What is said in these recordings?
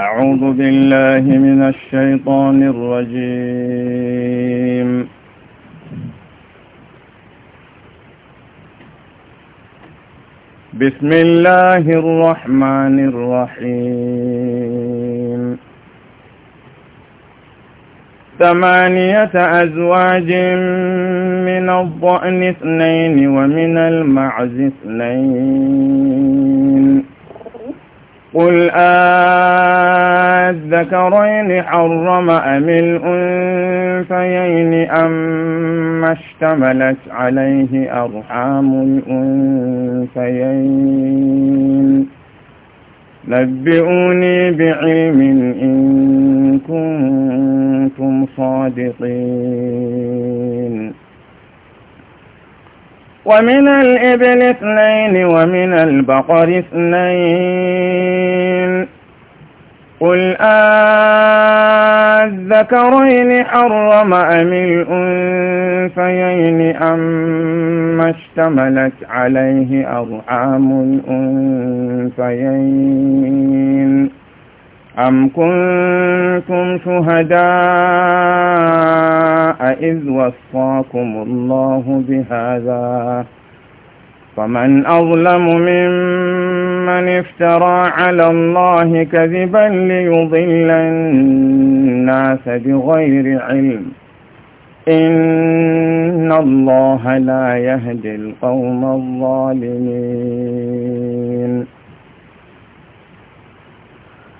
أعوذ بالله من الشيطان الرجيم بسم الله الرحمن الرحيم ثمانية أزواج من الضأن اثنين ومن المعز اثنين قل أذكرين حرم أم الأنثيين أم اشتملت عليه أرحام الأنثيين نبئوني بعلم إن كنتم صادقين ومن الإبل اثنين ومن البقر اثنين قل أذكرين حرم أم الأنثيين أم اشتملت عليه أرحام الأنثيين أم كنتم شهداء إذ وصاكم الله بهذا فمن أظلم ممن افترى على الله كذبا ليضل الناس بغير علم إن الله لا يهدي القوم الظالمين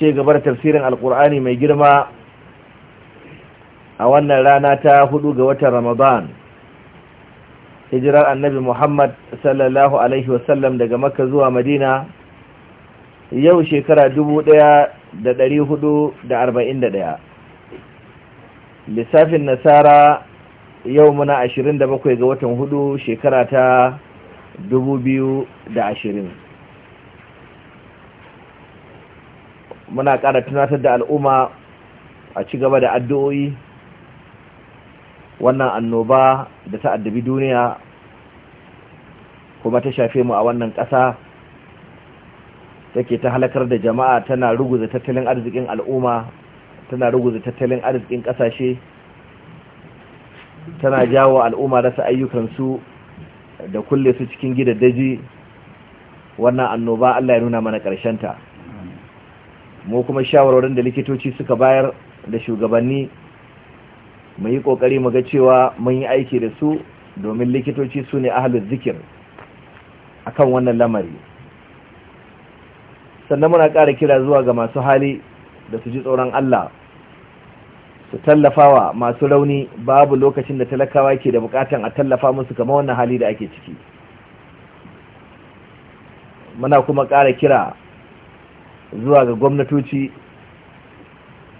ce gaba da tafsirin alkur'ani mai girma a wannan rana ta hudu ga watan ramadan hijirar annabi muhammad sallallahu alaihi wasallam daga makka zuwa madina yau shekara dubu ɗaya da ɗari hudu da arba'in da ɗaya lissafin nasara yau muna ashirin da bakwai ga watan hudu shekara ta dubu biyu da ashirin muna ƙara tunatar da al'umma a ci gaba da addu'o'i wannan annoba da ta addabi duniya kuma ta shafe mu a wannan ƙasa take ta halakar da jama'a tana ruguza tattalin arzikin al'umma tana ruguza tattalin arzikin ƙasashe tana jawo al'umma rasa ayyukansu da kulle su cikin gidaddaji wannan annoba Allah ya nuna mana ƙarshenta mu kuma shawarwarin da likitoci suka bayar da shugabanni mu yi kokari mu ga cewa mun yi aiki da su domin likitoci su ne ahalin zikir akan wannan lamari sannan muna ƙara kira zuwa ga masu hali da su ji tsoron Allah su tallafawa masu rauni babu lokacin da talakawa ke da bukatan a tallafa musu kama wannan hali da ake ciki muna kuma ƙara kira zuwa ga gwamnatoci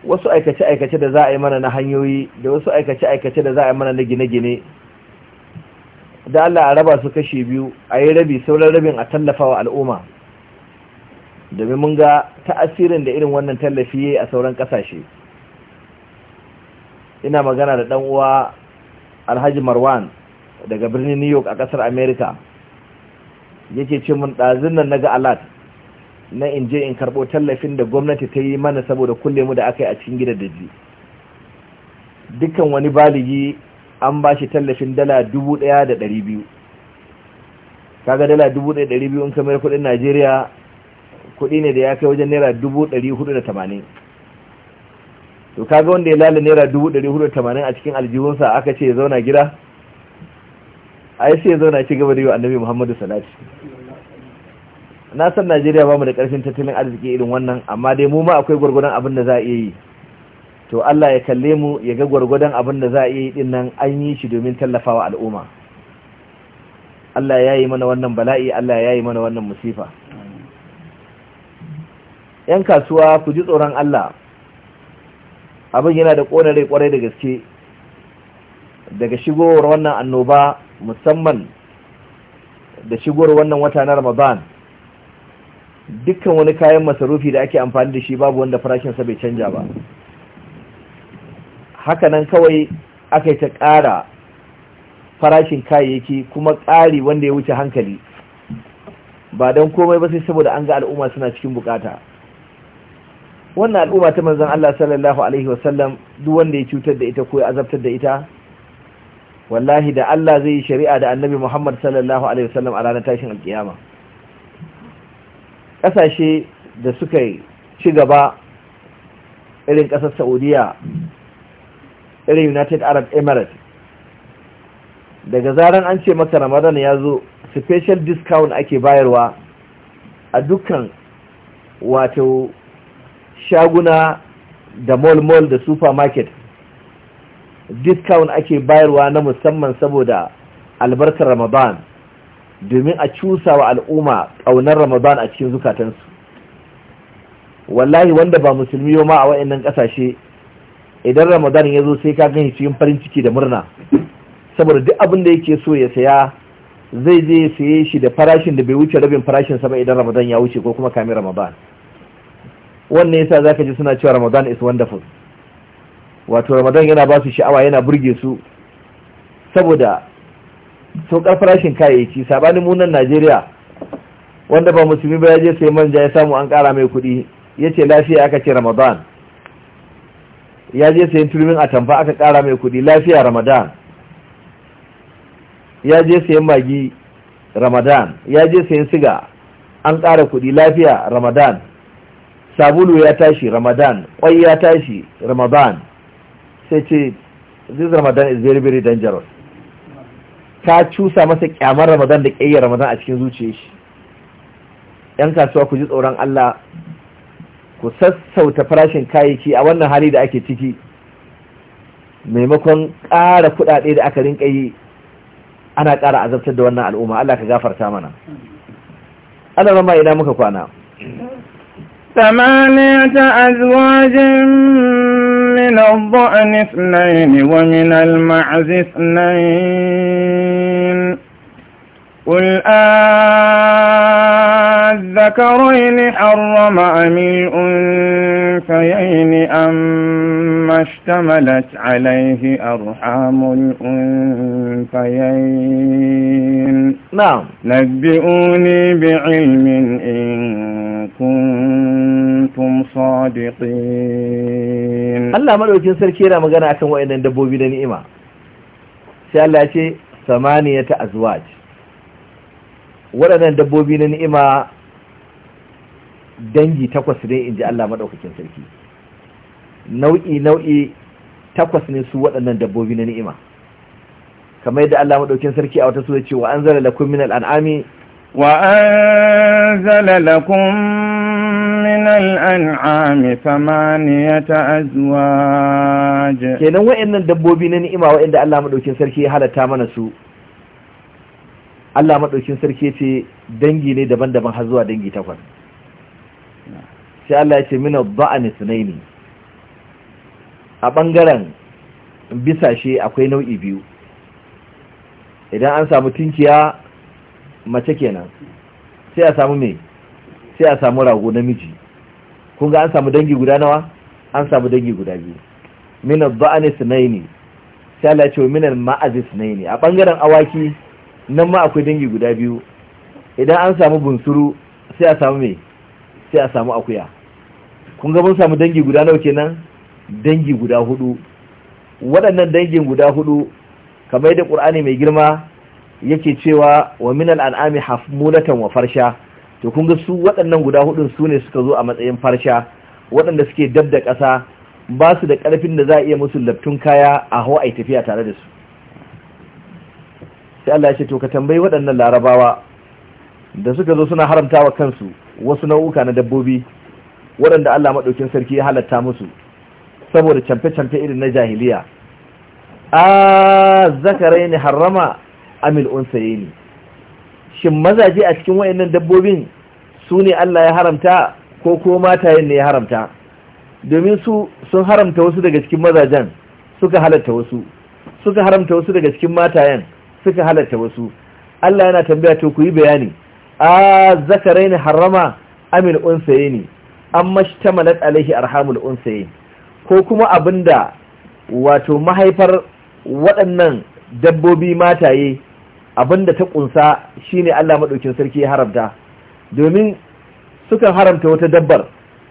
wasu aikace-aikace da za a yi mana na hanyoyi da wasu aikace-aikace da za a yi mana na gine-gine da Allah a raba su kashe biyu a yi rabi sauran rabin a tallafawa al'umma domin mun ga ta'asirin da irin wannan tallafi ya a sauran kasashe ina magana da dan uwa alhaji marwan daga birnin new york a kasar america yake ce mun dazin nan na ga alat na in je in karɓo tallafin da gwamnati ta yi mana saboda kulle mu da aka yi a cikin gidan daji dukkan wani baligi an ba shi tallafin dala dubu ɗaya da ɗari biyu kaga dala dubu ɗaya ɗari biyu in kamar kuɗin najeriya kuɗi ne da ya kai wajen naira dubu ɗari hudu da tamanin to kaga wanda ya lalata naira dubu ɗari hudu da tamanin a cikin aljihunsa aka ce ya zauna gida a yi sai ya zauna ci gaba da yi wa annabi muhammadu salatu. na san najeriya ba mu da karfin tattalin arziki irin wannan amma dai mu ma akwai gwargwadon abin da za a iya yi to allah ya kalle mu ya ga gwargwadon abin da za a iya yi din nan an yi shi domin tallafawa al'umma allah ya yi mana wannan bala'i allah ya yi mana wannan musifa yan kasuwa ku ji tsoron allah abin yana da ƙona rai kwarai da gaske daga shigowar wannan annoba musamman da shigowar wannan wata na ramadan dukkan wani kayan masarufi da ake amfani da shi babu wanda farashinsa bai canja ba Haka nan kawai aka yi ta ƙara farashin kayayyaki kuma ƙari wanda ya wuce hankali ba don komai ba sai saboda an ga al'umma suna cikin bukata wannan al'umma ta manzan Allah sallallahu alaihi wasallam duk wanda ya cutar da ita ko ya azabtar da ita wallahi da Allah zai yi shari'a da annabi Muhammad sallallahu alaihi wasallam a ranar tashin alkiyama kasashe da suka ci gaba irin kasar saudiya irin united arab emirates daga zaran an ce maka ramadan ya zo special discount ake bayarwa a dukkan wato shaguna da mall-mall da supermarket discount ake bayarwa na musamman saboda albarkar ramadan domin a cusa wa al'umma ƙaunar ramadan a cikin zukatansu wallahi wanda ba musulmi yau ma a wa'annan ƙasashe idan ramadan ya zo sai ka gan shi cikin farin ciki da murna saboda duk abin da yake so ya saya zai je saye shi da farashin da bai wuce rabin farashin sa ba idan ramadan ya wuce ko kuma kamin ramadan wannan yasa zaka ji suna cewa ramadan is wonderful wato ramadan yana ba su sha'awa yana burge su saboda saukar farashin kayayyaki sabanin munan najeriya wanda ba musulmi ba ya je sai manja ya samu an kara mai kuɗi ya ce lafiya aka ce ramadan ya je sayan turmin atamfa aka kara mai kuɗi lafiya ramadan ya je sayan magi ramadan ya je sayan siga an ƙara kuɗi lafiya ramadan sabulu ya tashi ramadan ƙwai ya tashi ramadan sai ce this ramadan is very very dangerous ta cusa masa kyamar ramadan da ƙayyar ramadan a cikin zuciyar shi yan kasuwa ku ji tsoron Allah ku sassauta farashin kayayyaki a wannan hali da ake ciki maimakon ƙara kuɗaɗe da aka rinka yi ana ƙara azabtar da wannan al'umma Allah ka gafarta mana Allah rama ina muka kwana ثمانية أزواج ومن الضأن اثنين ومن المعز اثنين قل الذكرين حرم أم الأنثيين أم اشتملت عليه أرحام الأنثيين نعم نبئوني بعلم إن kuntum sadiqin Allah madaukin sarki yana magana akan wayannan dabbobi da ni'ima sai Allah ya ce samaniyata azwaj waɗannan dabbobi na ni'ima dangi takwas ne inji Allah madaukakin sarki nau'i nau'i takwas ne su waɗannan dabbobi na ni'ima kamar yadda Allah madaukin sarki a wata sura ce wa anzala lakum min al'ami wa anzala lakum من الأنعام ثمانية أزواج kenan wayannan dabbobi na ni'ima wayanda Allah madaukin sarki ya halatta mana su Allah madaukin sarki ce dangi ne daban-daban har zuwa dangi takwas sai Allah ya ce min ad-da'ani sunaini a ɓangaren bisa-shi akwai nau'i biyu idan an samu tunkiya mace kenan sai a samu mai sai a samu rago namiji kun ga an samu dangi guda nawa an samu dangi guda biyu min al-ba'ani sunaini sai Allah ya ce min al-ma'azi sunaini a bangaren awaki nan ma akwai dangi guda biyu idan an samu bunsuru sai a samu me sai a samu akuya kun ga mun samu dangi guda nawa kenan dangi guda hudu waɗannan dangin guda hudu kamar yadda ƙur'ani mai girma yake cewa wa min al-an'ami hafmulatan wa farsha to kun ga su waɗannan guda hudun su ne suka zo a matsayin farsha waɗanda suke dab da ƙasa ba su da ƙarfin da za a iya musu laftun kaya a hawa ai tafiya tare da su sai Allah ya ce to ka tambayi waɗannan larabawa da suka zo suna haramtawa kansu wasu nau'uka na dabbobi waɗanda Allah maɗaukin sarki ya halatta musu saboda camfe-camfe irin na jahiliya a zakarai ne harrama amil unsayi ne shin mazaje a cikin wayannan dabbobin su ne Allah ya haramta ko ko matayen ne ya haramta domin su sun haramta wasu daga cikin mazajen suka halatta wasu suka haramta wasu daga cikin matayen suka halatta wasu Allah yana tambaya to ku yi bayani a zakaraini harrama amil unsayni amma shtamalat alaihi arhamul unsayni ko kuma abinda wato mahaifar waɗannan dabbobi mataye Abin da ta kunsa shine Allah madaukin sarki ya haramta domin sukan haramta wata dabbar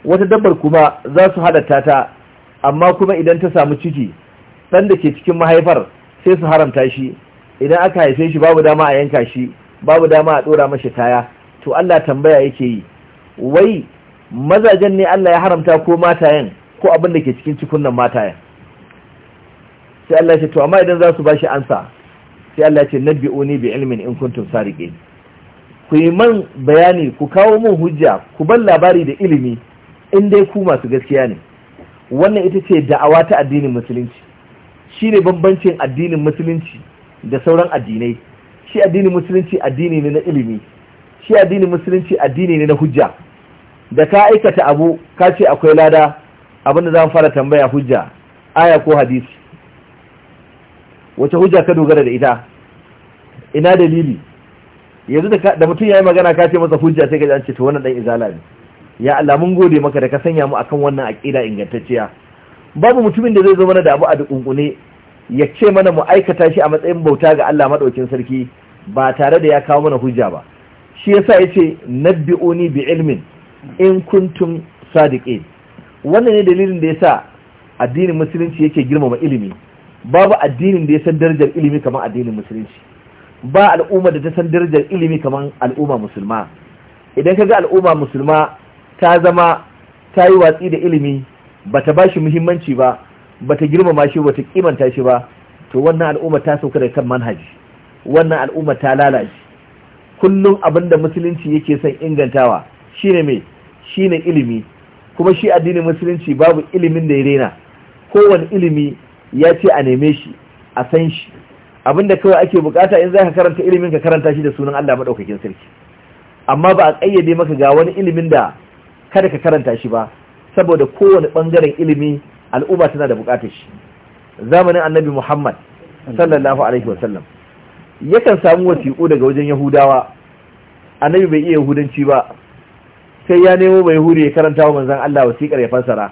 wata dabbar kuma za su halatta ta amma kuma idan ta samu ciki dan da ke cikin mahaifar sai su haramta shi idan aka haife shi babu dama a yanka shi babu dama a dora mashi kaya to Allah tambaya yake yi wai mazajen ne Allah ya haramta ko matayen ko abin da ke cikin nan matayen sai Allah ya ce to amma idan za su ba shi ansa sai Allah ce nabbi'uni bi ilmin in kuntum sariqin ku yi man bayani ku kawo mun hujja ku ban labari da ilimi in dai ku masu gaskiya ne wannan ita ce da'awa ta addinin musulunci shi ne bambancin addinin musulunci da sauran addinai shi addinin musulunci addini ne na ilimi shi addinin musulunci addini ne na hujja da ka aikata abu ka ce akwai lada da za mu fara tambaya hujja aya ko hadisi wace hujja ka dogara da ita ina dalili yanzu da mutum ya yi magana ka ce masa hujja sai ka ji an ce to wannan dan izala ne ya Allah mun gode maka da ka sanya mu akan wannan aqida ingantacciya babu mutumin da zai zo mana da abu a dukunkune ya ce mana mu aikata shi a matsayin bauta ga Allah madaukin sarki ba tare da ya kawo mana hujja ba shi yasa yace nabbi'uni bi ilmin in kuntum sadiqin wannan ne dalilin da yasa addinin musulunci yake girmama ilimi babu addinin da ya san darajar ilimi kamar addinin musulunci ba al'umma da ta san darajar ilimi kamar al'umma musulma idan ka ga al'umma musulma ta zama ta yi watsi da ilimi ba ta ba shi muhimmanci ba ba ta girmama shi ba ta kimanta shi ba to wannan al'umma ta sauka da kan manhaji wannan al'umma ta lalace kullum abin da musulunci yake son ingantawa shine mai shine ilimi kuma shi addinin musulunci babu ilimin da ya rena kowane ilimi ya ce a neme shi a san shi Abin da kawai ake bukata in za ka karanta ilimin ka karanta shi da sunan Allah madaukakin sarki amma ba a kayyade maka ga wani ilimin da kada ka karanta shi ba saboda kowane bangaren ilimi al'umma tana da bukatar shi zamanin annabi Muhammad sallallahu alaihi wasallam yakan samu wasiƙu daga wajen Yahudawa annabi bai iya yahudanci ba sai ya nemo mai yahudi ya karanta wa manzon Allah wasiƙar ya fassara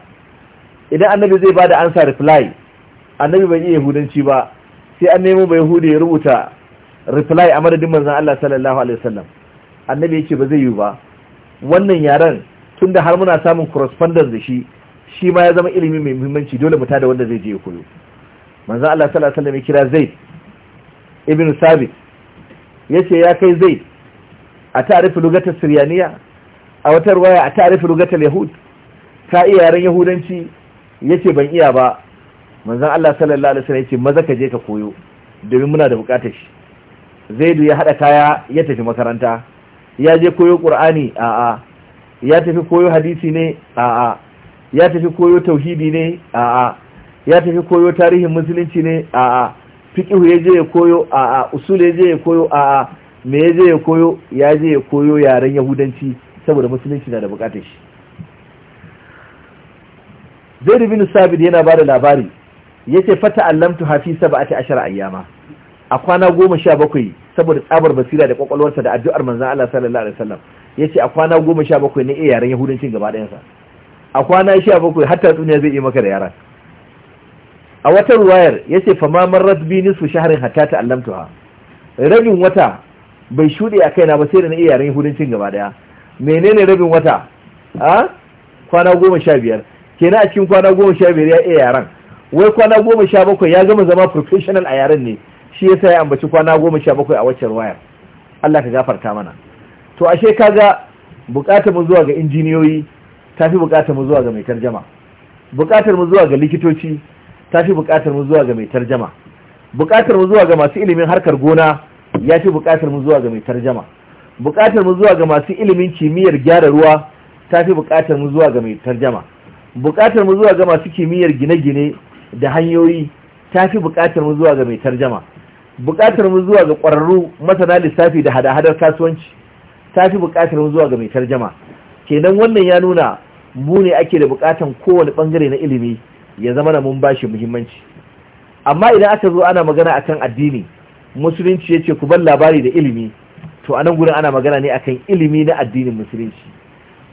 idan annabi zai ba da ansa reply annabi bai iya yahudanci ba sai an nemo bai hudu ya rubuta reply a madadin manzan Allah sallallahu alaihi wasallam annabi yake ba zai yi ba wannan yaren tunda har muna samun correspondence da shi shi ma ya zama ilimi mai muhimmanci dole mu da wanda zai je koyo manzan Allah sallallahu alaihi wasallam ya kira Zaid ibn Sabit yace ya kai Zaid a ta'rifu lugatar Siryaniya a wata ruwaya a ta'rifu lugatar Yahud ka iya yaren Yahudanci yace ban iya ba manzan Allah sallallahu alaihi wasallam yace maza ka je ka koyo domin muna da bukatar shi zaidu ya hada kaya ya tafi makaranta ya je koyo qur'ani a'a ya tafi koyo hadisi ne a'a ya tafi koyo tauhidi ne a'a ya tafi koyo tarihin musulunci ne a'a fiqh ya je ya koyo a'a usul ya je ya koyo a'a me ya je ya koyo ya je ya koyo yaren yahudanci saboda musulunci na da bukatar shi zaid bin sabit yana ba da labari yace fata allamtu hafi sab'ati ashara ayyama a kwana goma sha bakwai saboda tsabar basira da kwakwalwarsa da addu'ar manzan Allah sallallahu alaihi wasallam yace a kwana goma sha bakwai ne iya yaren yahudancin gaba ɗayan sa a kwana sha bakwai hatta tsuniya zai yi maka da yaran a wata ruwayar yace ce fama marrat bi nisfu shaharin hatta ha rabin wata bai shuɗe a kaina ba sai da na iya yaren yahudancin gaba ɗaya menene rabin wata a kwana goma sha biyar kenan a cikin kwana goma sha biyar ya iya yaran wai kwana goma sha bakwai ya gama zama professional a yaren ne shi sa ya ambaci kwana goma sha bakwai a waccan wayar Allah ka gafarta mana to ashe kaga bukatar mu zuwa ga injiniyoyi ta fi bukatar mu zuwa ga mai tarjama bukatar mu zuwa ga likitoci ta fi bukatar mu zuwa ga mai tarjama bukatar mu zuwa ga masu ilimin harkar gona ya fi bukatar mu zuwa ga mai tarjama bukatar mu zuwa ga masu ilimin kimiyyar gyara ruwa ta fi bukatar mu zuwa ga mai tarjama bukatar mu zuwa ga masu kimiyyar gine-gine da hanyoyi ta fi buƙatar mu zuwa ga mai tarjama buƙatar mu zuwa ga ƙwararru masana lissafi da hada-hadar kasuwanci ta fi buƙatar mu zuwa ga mai tarjama kenan wannan ya nuna mu ne ake da buƙatar kowane ɓangare na ilimi ya zama na mun bashi muhimmanci amma idan aka zo ana magana akan addini musulunci ya ce ku bar labari da ilimi to a nan gurin ana magana ne akan ilimi na addinin musulunci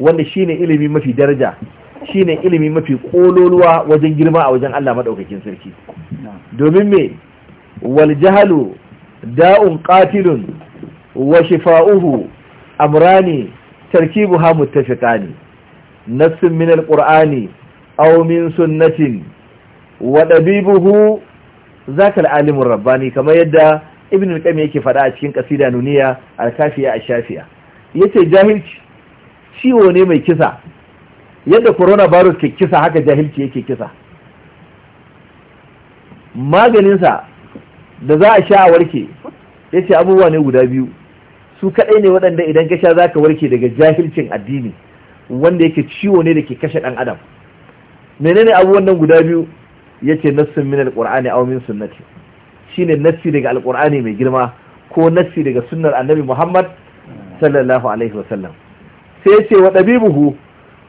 wanda shine ilimi mafi daraja shine ilimi mafi kololuwa wajen girma a wajen Allah madaukakin sarki domin me wal jahalu da'un qatilun wa shifa'uhu amrani tarkibuha muttafiqani nassun min alqur'ani aw min sunnatin wa dabibuhu zaka alimur rabbani kamar yadda ibn al-qayyim yake fada a cikin qasida nuniya al-kafiya ash-shafiya yace jahilci ciwo ne mai kisa yadda coronavirus ke kisa haka jahilci yake kisa maganinsa da za a sha a warke yace ce abubuwa ne guda biyu su kaɗai ne waɗanda idan ka sha za ka warke daga jahilcin addini wanda yake ciwo ne da ke kashe ɗan adam menene abubuwan nan guda biyu ya ce nassin min alƙur'ani aw min sunnati shine nassi daga alƙur'ani mai girma ko nassi daga sunnar annabi muhammad sallallahu alaihi wasallam sai ya ce wa dabibuhu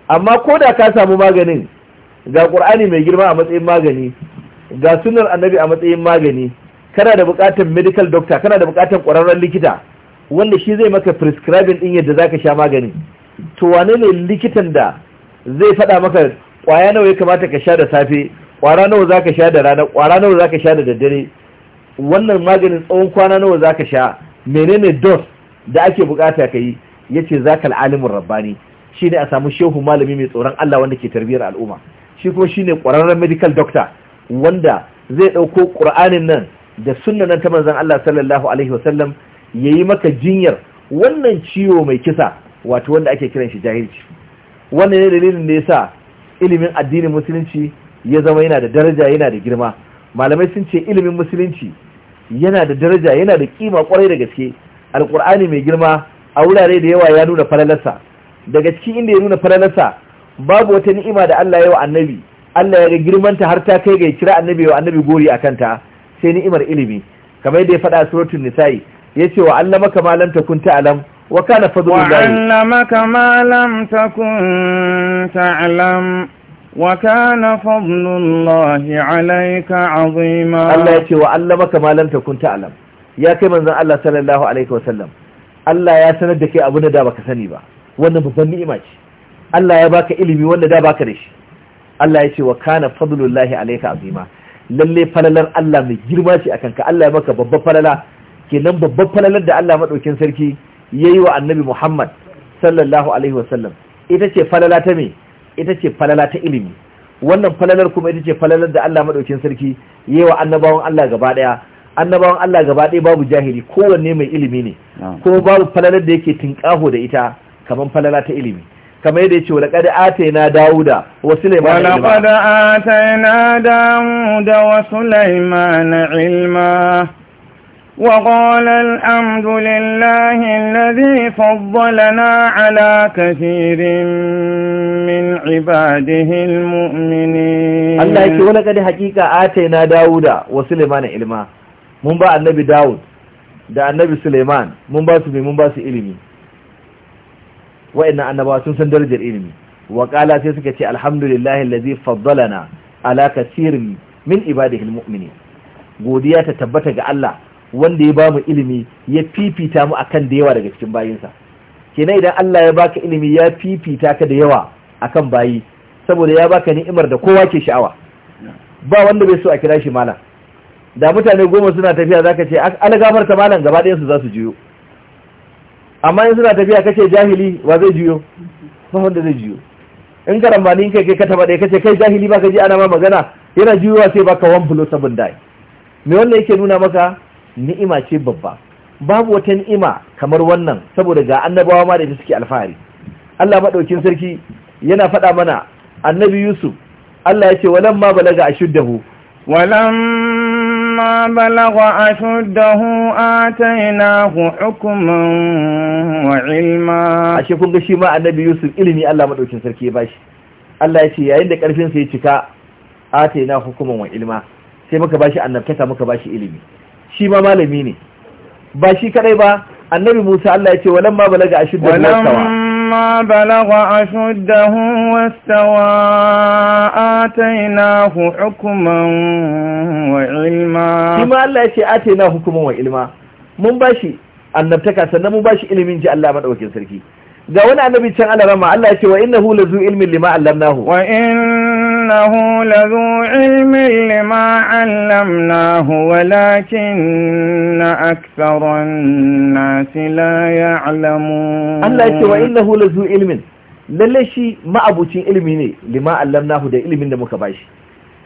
amma ko da ka samu maganin ga ƙur'ani mai girma a matsayin magani ga sunan annabi a matsayin magani kana da buƙatar medical doctor kana da buƙatar ƙwararren likita wanda shi zai maka prescribing din yadda zaka sha magani to wane ne likitan da zai faɗa maka ƙwaya nawa ya kamata ka sha da safe ƙwara nawa zaka sha da rana ƙwara nawa zaka sha da daddare wannan maganin tsawon kwana nawa zaka sha menene dose da ake buƙata ka yi yace zakal alimur rabbani ne a samu shehu malami mai tsoron Allah wanda ke tarbiyar al'umma shi kuma shi ne ƙwararren medical doctor wanda zai ɗauko ƙur'anin nan da sunna nan ta manzan Allah sallallahu alaihi ya yi maka jinyar wannan ciwo mai kisa wato wanda ake kiran shi jahilci wannan ne dalilin da yasa ilimin addinin musulunci ya zama yana da daraja yana da girma malamai sun ce ilimin musulunci yana da daraja yana da kima kwarai da gaske Alƙur'ani mai girma a wurare da yawa ya nuna falalarsa daga cikin inda ya nuna falalarsa babu wata ni'ima da Allah ya wa annabi Allah ya ga girmanta har ta kai ga kira annabi wa annabi gori a kanta sai ni'imar ilimi kamar yadda ya faɗa suratul nisa'i yace wa allamaka ma lam takun ta'lam wa kana fadlullahi wa allamaka ma lam takun ta'lam wa kana fadlullahi alayka azima Allah yace wa allamaka ma lam takun ta'lam ya kai manzon Allah sallallahu alaihi wasallam Allah ya sanar da kai abin da baka sani ba wannan babban ni'ima ce Allah ya baka ilimi wanda da baka da shi Allah ya ce wa kana fadlullahi alayka azima lalle falalar Allah mai girma ce akan ka Allah ya maka babban falala kenan babban falalar da Allah madaukin sarki yayi wa annabi Muhammad sallallahu alaihi wasallam ita ce falala ta me ita ce falala ta ilimi wannan falalar kuma ita ce falalar da Allah madaukin sarki yayi wa annabawan Allah gaba daya annabawan Allah gaba daya babu jahili kowanne mai ilimi ne kuma babu falalar da yake tinkaho da ita kaman falala ta ilimi kamar yadda yace laqad atayna dauda wa sulaiman ilma laqad atayna dauda wa sulaiman ilma وقال الحمد لله الذي فضلنا على كثير من عباده المؤمنين الله يكي ولقد حقيقة آتينا داود وسليمان علما mun ba النبي داود da annabi sulaiman mun ba su mun ba su ilimi wa'annan annabawa sun san darajar ilimi wa qala sai suka ce alhamdulillahi allazi faddalana ala kasirin min ibadihi almu'minin godiya ta tabbata ga Allah wanda ya bamu ilimi ya fifita mu akan da yawa daga cikin bayinsa kenan idan Allah ya baka ilimi ya fifita ka da yawa akan bayi saboda ya baka ni'imar da kowa ke sha'awa ba wanda bai so a kira shi malam da mutane goma suna tafiya zaka ce ta malam gaba ɗayan su za su juyo amma in suna tafiya kace jahili wa zai juyo ba wanda zai juyo in ka in kai kai ka taba dai kace kai jahili ba ka ji ana ma magana yana juyowa sai baka one blow seven die me wannan yake nuna maka ni'ima ce babba babu wata ni'ima kamar wannan saboda ga annabawa ma da suke alfahari Allah madaukin sarki yana faɗa mana annabi Yusuf Allah ya ce walamma balaga ashuddahu walam فلما بلغ أشده آتيناه حكما وعلما أشي ما النبي annabi Yusuf ilimi Allah madaukin sarki ya bashi Allah ya ce yayin da karfin sa ya cika ataina hukuman wa ilma sai muka bashi annabtaka muka bashi ilimi shi ma malami ne ba shi kadai ba annabi Musa Allah ya ce walamma balaga ashidda nasawa فلما بلغ أشده واستوى آتيناه حكما وعلما كما الله يشي آتيناه حكما وعلما من باشي annabtaka sannan mun bashi ilimin ji Allah madaukakin sarki ga wani annabi can Allah rama Allah ya ce wa innahu lazu ilmin lima allamnahu wa in إنه لذو علم na علمناه ولكن أكثر الناس لا يعلمون الله يتوى إنه لذو علم lalle shi ma'abucin ilimi ne lima allamnahu da ilimin da muka bashi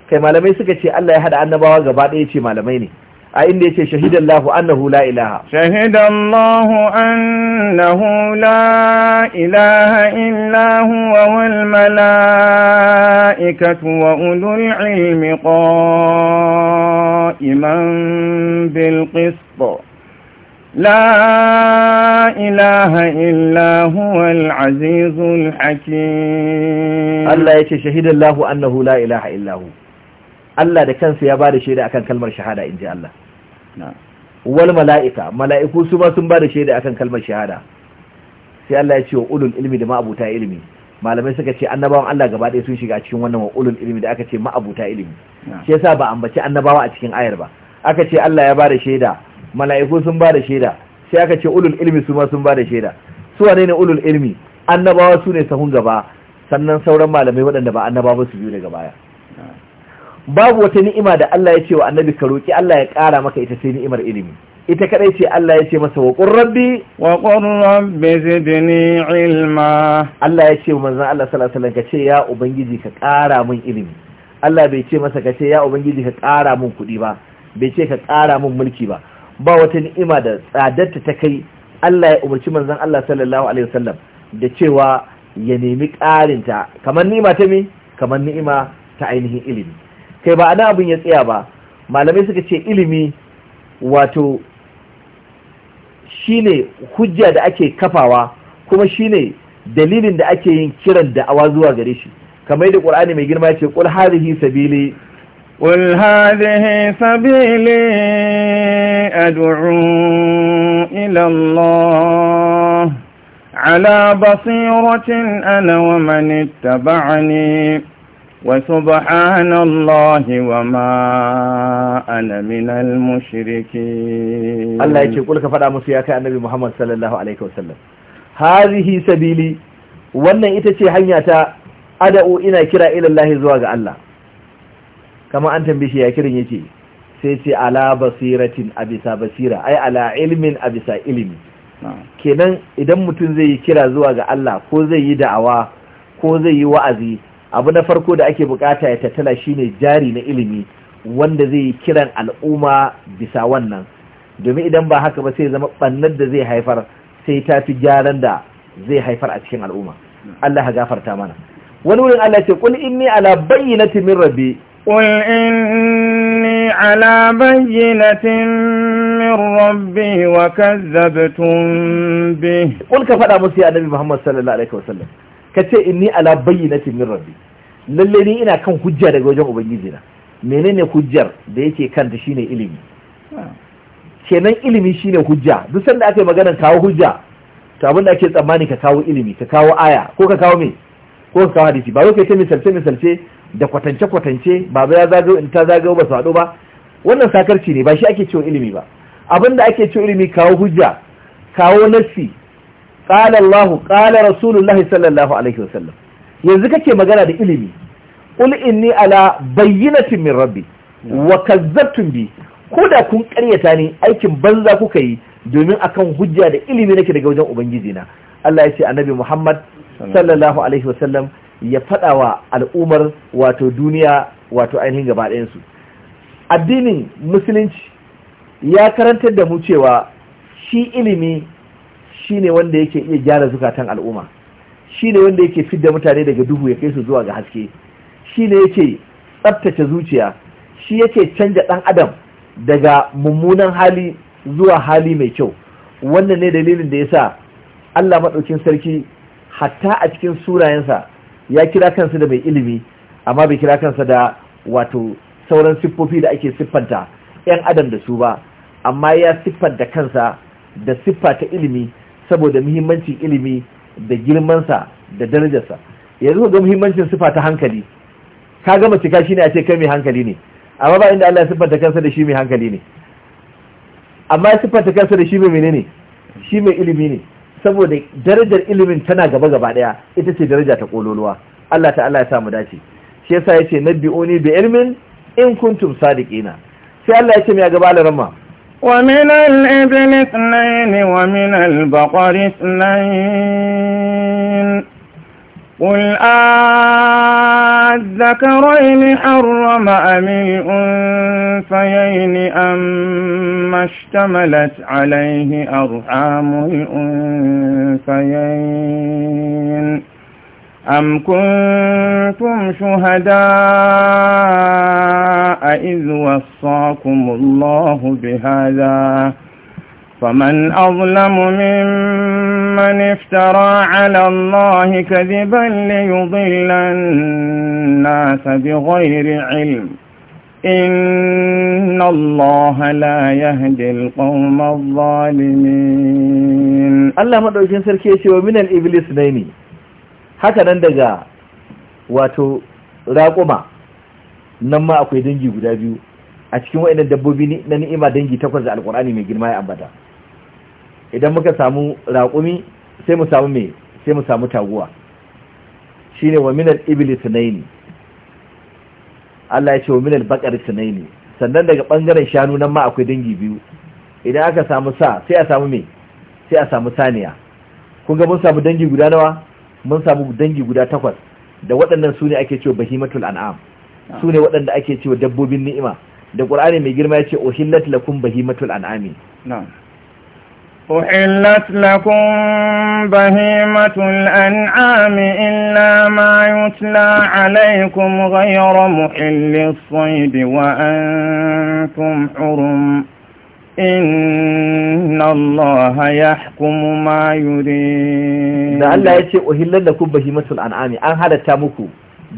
kai malamai suka ce Allah ya hada annabawa gaba ɗaya ce malamai ne a inda yake shahidan lahu annahu la ilaha shahidan lahu annahu la ilaha illa huwa wal mala'ikatu wa ulul ilmi qa'iman bil qist لا إله إلا هو العزيز الحكيم الله يشهد الله أنه لا إله إلا هو Allah da kansa ya bada shaida akan kalmar shahada inji Allah wal mala'ika mala'iku su ma sun bada shaida akan kalmar shahada sai Allah ya ce wa ulul ilmi da ma'abuta ilmi malamai suka ce annabawan Allah gaba ɗaya sun shiga cikin wannan wa ulul ilmi da aka ce ma'abuta ilmi shi yasa ba ambaci annabawa a cikin ayar ba aka ce Allah ya bada shaida mala'iku sun bada shaida sai aka ce ulul ilmi su ma sun bada shaida su wane ne ulul ilmi annabawa su ne sahun gaba sannan sauran malamai waɗanda ba annabawa su biyu daga baya babu wata ni'ima da Allah ya ce wa annabi ka roki Allah ya kara maka ita sai ni'imar ilimi ita kadai ce Allah ya ce masa wa qur rabbi wa qur rabbi zidni ilma Allah ya ce manzon Allah sallallahu alaihi wasallam ka ce ya ubangiji ka kara min ilimi Allah bai ce masa ka ce ya ubangiji ka kara min kuɗi ba bai ce ka kara min mulki ba ba wata ni'ima da tsadarta ta kai Allah ya umarci manzon Allah sallallahu alaihi wasallam da cewa ya nemi ƙarinta kamar ni'ima ta me kamar ni'ima ta ainihin ilimi kai ba ana abin ya tsaya ba malamai suka ce ilimi wato shine hujja da ake kafawa kuma shine dalilin da ake yin kiran da'awa zuwa gare shi kamar yadda Qur'ani mai girma ce qul hadhihi sabili qul hadhihi sabili ad'u ila ala basiratin ana wa man وسبحان الله وما أنا من المشركين الله يقول لك فدا musu ya kai Muhammad sallallahu alaihi wasallam hazihi sabili wannan ita ce hanya ta ada'u ina kira ila Allah zuwa ga Allah kama an tambaye shi ya kirin yace sai ce ala basiratin abisa basira ai ala ilmin abisa ilimi kenan idan mutum zai yi kira zuwa ga Allah ko zai yi da'awa ko zai yi wa'azi abu na farko da ake bukata ya tattala shine jari na ilimi wanda zai yi kiran al'umma bisa wannan domin idan ba haka ba sai zama bannar da zai haifar sai ta fi gyaran da zai haifar a cikin al'umma Allah ha gafarta mana wani wurin Allah ce kul inni ala bayyinatin min rabbi qul inni ala bayyinatin wa kazzabtum bi به ka fada musu ya محمد Muhammad sallallahu alaihi wasallam ka ce inni ala na min rabbi lalle ni ina kan hujja daga wajen ubangiji na menene hujjar da yake kanta shine ilimi kenan ilimi shine hujja duk sanda aka magana maganar kawo hujja to abin da ake tsammani ka kawo ilimi ka kawo aya ko ka kawo me ko ka kawo hadisi ba kai ta misalce misalce da kwatance kwatance baba ya zagayo in ta zagayo ba su haɗu ba wannan sakarci ne ba shi ake cewa ilimi ba abin da ake cewa ilimi kawo hujja kawo nassi qala ƙalar qala Rasulullahi sallallahu alaihi wasallam yanzu kake magana da ilimi qul inni ala bayyinatin min rabbi wa kazzabtum bi ko da kun karyata ni aikin banza kuka yi domin akan hujja da ilimi nake daga wajen ubangiji na Allah ya ce annabi Muhammad sallallahu alaihi wasallam ya faɗa wa al'ummar wato duniya wato ainihin gaba ɗayansu addinin musulunci ya karantar da mu cewa shi ilimi Shi ne wanda yake iya gyara zukatan al'umma Shi ne wanda yake fidda mutane daga duhu ya kai su zuwa ga haske Shi ne yake tsabtace zuciya shi yake canja ɗan adam daga mummunan hali zuwa hali mai kyau wannan ne dalilin da ya sa Allah maɗaukin sarki hatta a cikin surayensa ya kira kansa da mai ilimi amma bai kira kansa da wato sauran siffofi da ake siffanta 'yan adam da su ba amma ya siffanta kansa da siffa ta ilimi saboda muhimmancin ilimi da girmansa da darajarsa yanzu ga muhimmancin sifa ta hankali ka gama cika shine a ce kai mai hankali ne amma ba inda Allah ya siffanta kansa da shi mai hankali ne amma ya siffanta kansa da shi mai menene shi mai ilimi ne saboda darajar ilimin tana gaba gaba daya ita ce daraja ta kololuwa Allah ta Allah ya sa mu dace shi yasa yace nabbi'uni bi ilmin in kuntum sadiqina sai Allah ya ce mai gaba da rama ومن الإبل اثنين ومن البقر اثنين قل أذكرين حرم أم الأنثيين أم اشتملت عليه أرحام الأنثيين أم كنتم شهداء إذ وصاكم الله بهذا فمن أظلم ممن افترى على الله كذبا ليضل الناس بغير علم إن الله لا يهدي القوم الظالمين الله جنسر سركيشي ومن الإبليس ديني haka nan daga wato raƙuma nan ma akwai dangi guda biyu a cikin wa'inan dabbobi na ni'ima dangi takwas da alƙur'ani mai girma ya ambata idan muka samu raƙumi sai mu samu mai sai mu samu taguwa ne wa minal ibli sunaini Allah ya ce wa minal baqari sunaini sannan daga ɓangaren shanu nan ma akwai dangi biyu idan aka samu sa sai a samu me sai a samu saniya kun ga mun samu dangi guda nawa mun samu dangi guda takwas da waɗannan su ne ake cewa bahimatul an'am su ne waɗanda ake cewa dabbobin ni'ima da ƙur'ani mai girma ya ce uhillat lakum bahimatul an'ami أحلت لكم بهيمة الأنعام إلا ما يتلى عليكم غير محل الصيد وأنتم حرم inna Allah hukumu ma yuri da Allah ya ce uhillal lakum bahimatul an'ami an halatta muku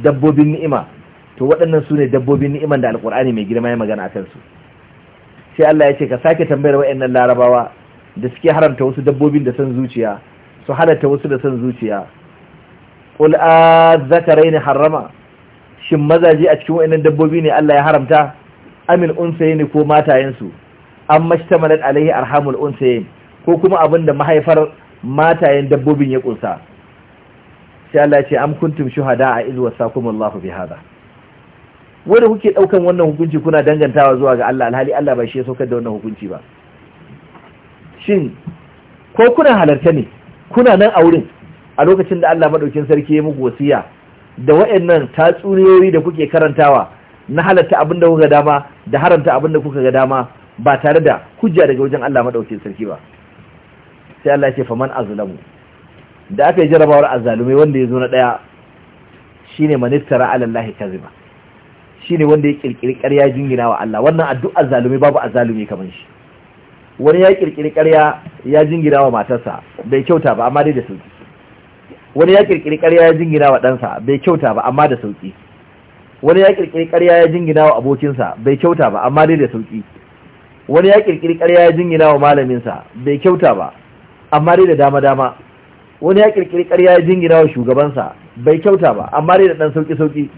dabbobin ni'ima to waɗannan su ne dabbobin ni'iman da alkur'ani mai girma ya magana akan su sai Allah ya ce ka sake tambayar wayannan larabawa da suke haramta wasu dabbobin da san su halatta wasu da san zuciya qul azzakaraini harrama shin mazaje a cikin wa'annan dabbobi ne Allah ya haramta amin unsayni ko matayensu an mashtamalat alaihi arhamul unsayin ko kuma abin da mahaifar matayen dabbobin ya kunsa sai Allah ya ce am kuntum shuhada a iz wasakum Allahu bi hada wanda kuke daukan wannan hukunci kuna dangantawa zuwa ga Allah alhali Allah bai shi ya saukar da wannan hukunci ba shin ko kuna halarta ne kuna nan a wurin a lokacin da Allah madaukin sarki ya muku wasiya da waɗannan tatsuniyoyi da kuke karantawa na halarta abinda da kuka dama da haramta abin da kuka ga dama ba tare da hujja daga wajen Allah madaukakin sarki ba sai Allah ya ce faman azlamu da aka yi jarabawar azalume wanda ya zo na daya shine manittara ala Allah kaziba shine wanda ya kirkiri ƙarya jingina wa Allah wannan addu'ar zalumi babu azalume kaman shi wani ya kirkiri ƙarya ya jingina wa matarsa bai kyauta ba amma dai da sauki wani ya kirkiri ƙarya ya jingina wa ɗansa bai kyauta ba amma da sauki wani ya kirkiri ƙarya ya jingina wa abokinsa bai kyauta ba amma dai da sauki wani ya kirkiri ƙarya ya jingina wa malaminsa bai kyauta ba amma dai da dama dama wani ya kirkiri ƙarya ya jingina wa shugabansa bai kyauta ba amma dai da ɗan sauƙi sauƙi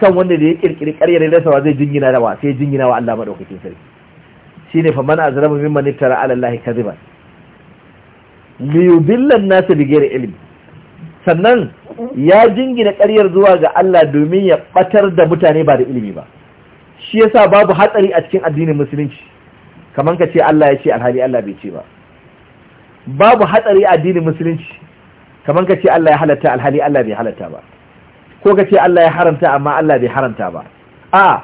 kan wanda da ya kirkiri ƙarya da rasawa zai jingina da wa sai jingina wa Allah madaukakin sarki shine fa man azrama mimman iftara ala Allah kadhiban li yudilla an-nas bighairi ilm sannan ya jingina ƙaryar zuwa ga Allah domin ya batar da mutane ba da ilimi ba shi yasa babu hatsari a cikin addinin musulunci kamar ka ce Allah ya ce alhali Allah bai ce ba babu hatsari addinin musulunci kamar ka ce Allah ya halatta alhali Allah bai halatta ba ko ka ce Allah ya haramta amma Allah bai haramta ba a